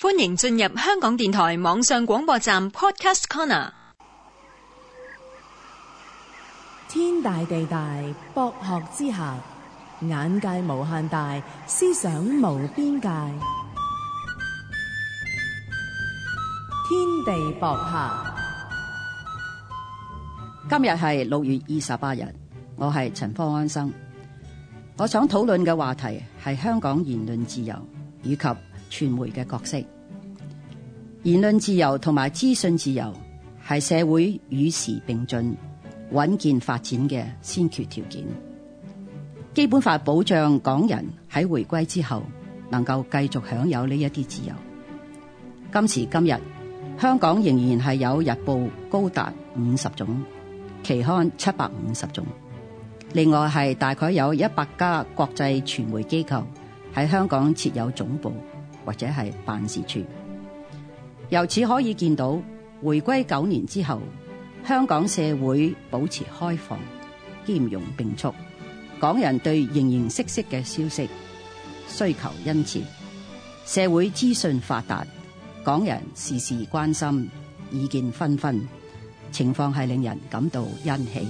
歡迎進入香港電台網上廣播站 Podcast Corner。天大地大，博學之下，眼界無限大，思想無邊界。天地博客，今日係六月二十八日，我係陳方安生。我想討論嘅話題係香港言論自由以及傳媒嘅角色，言論自由同埋資訊自由係社會與時並進、穩健發展嘅先決條件。基本法保障港人喺回歸之後能夠繼續享有呢一啲自由。今時今日，香港仍然係有日報高達五十種，期刊七百五十種，另外係大概有一百家國際傳媒機構喺香港設有總部。或者係辦事處，由此可以見到回歸九年之後，香港社會保持開放、兼容並蓄。港人對形形色色嘅消息需求殷切，社會資訊發達，港人時時關心，意見紛紛，情況係令人感到欣喜。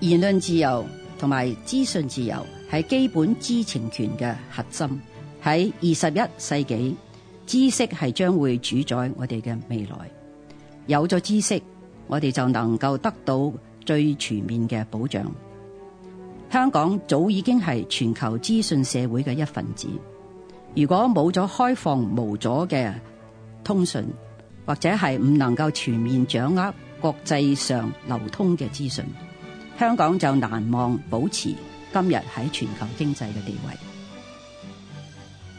言論自由同埋資訊自由係基本知情權嘅核心。喺二十一世紀，知識係將會主宰我哋嘅未來。有咗知識，我哋就能夠得到最全面嘅保障。香港早已經係全球資訊社會嘅一份子。如果冇咗開放無阻嘅通訊，或者係唔能夠全面掌握國際上流通嘅資訊，香港就難望保持今日喺全球經濟嘅地位。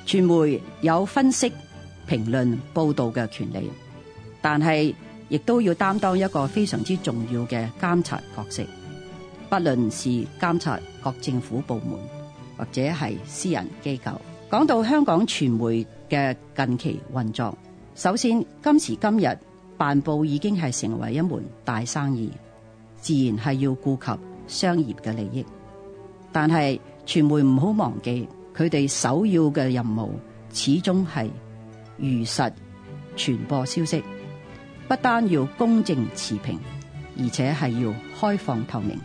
傳媒有分析、評論、報道嘅權利，但係亦都要擔當一個非常之重要嘅監察角色，不論是監察各政府部門或者係私人機構。講到香港傳媒嘅近期運作，首先今時今日辦報已經係成為一門大生意，自然係要顧及商業嘅利益，但係傳媒唔好忘記。佢哋首要嘅任務始終係如實傳播消息，不單要公正持平，而且係要開放透明。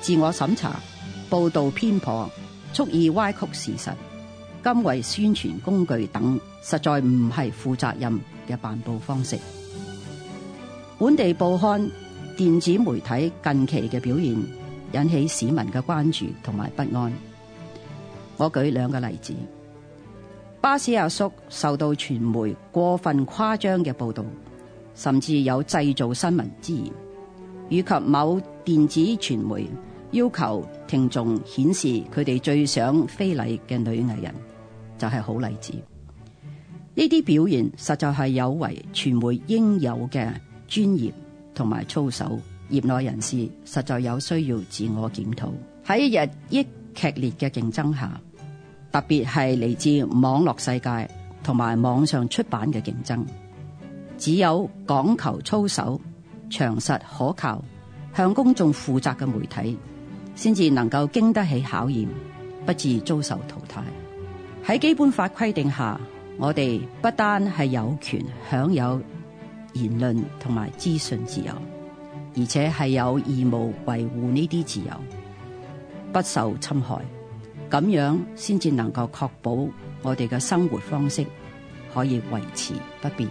自我審查、報道偏頗、蓄意歪曲事實、甘為宣傳工具等，實在唔係負責任嘅辦報方式。本地報刊、電子媒體近期嘅表現引起市民嘅關注同埋不安。我舉兩個例子，巴士阿叔受到傳媒過分誇張嘅報道，甚至有製造新聞之嫌，以及某電子傳媒要求聽眾顯示佢哋最想非禮嘅女藝人，就係、是、好例子。呢啲表現實在係有違傳媒應有嘅專業同埋操守，業內人士實在有需要自我檢討。喺日益劇烈嘅競爭下，特別係嚟自網絡世界同埋網上出版嘅競爭，只有講求操守、詳實可靠、向公眾負責嘅媒體，先至能夠經得起考驗，不致遭受淘汰。喺基本法規定下，我哋不單係有權享有言論同埋資訊自由，而且係有義務維護呢啲自由，不受侵害。咁樣先至能夠確保我哋嘅生活方式可以維持不變。